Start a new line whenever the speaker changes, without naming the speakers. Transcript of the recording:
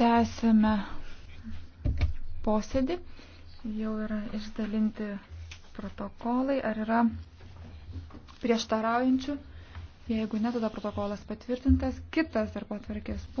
Tęsime posėdį. Jau yra išdalinti protokolai. Ar yra prieštaraujančių? Jeigu
ne, tada protokolas patvirtintas. Kitas darbo tvarkės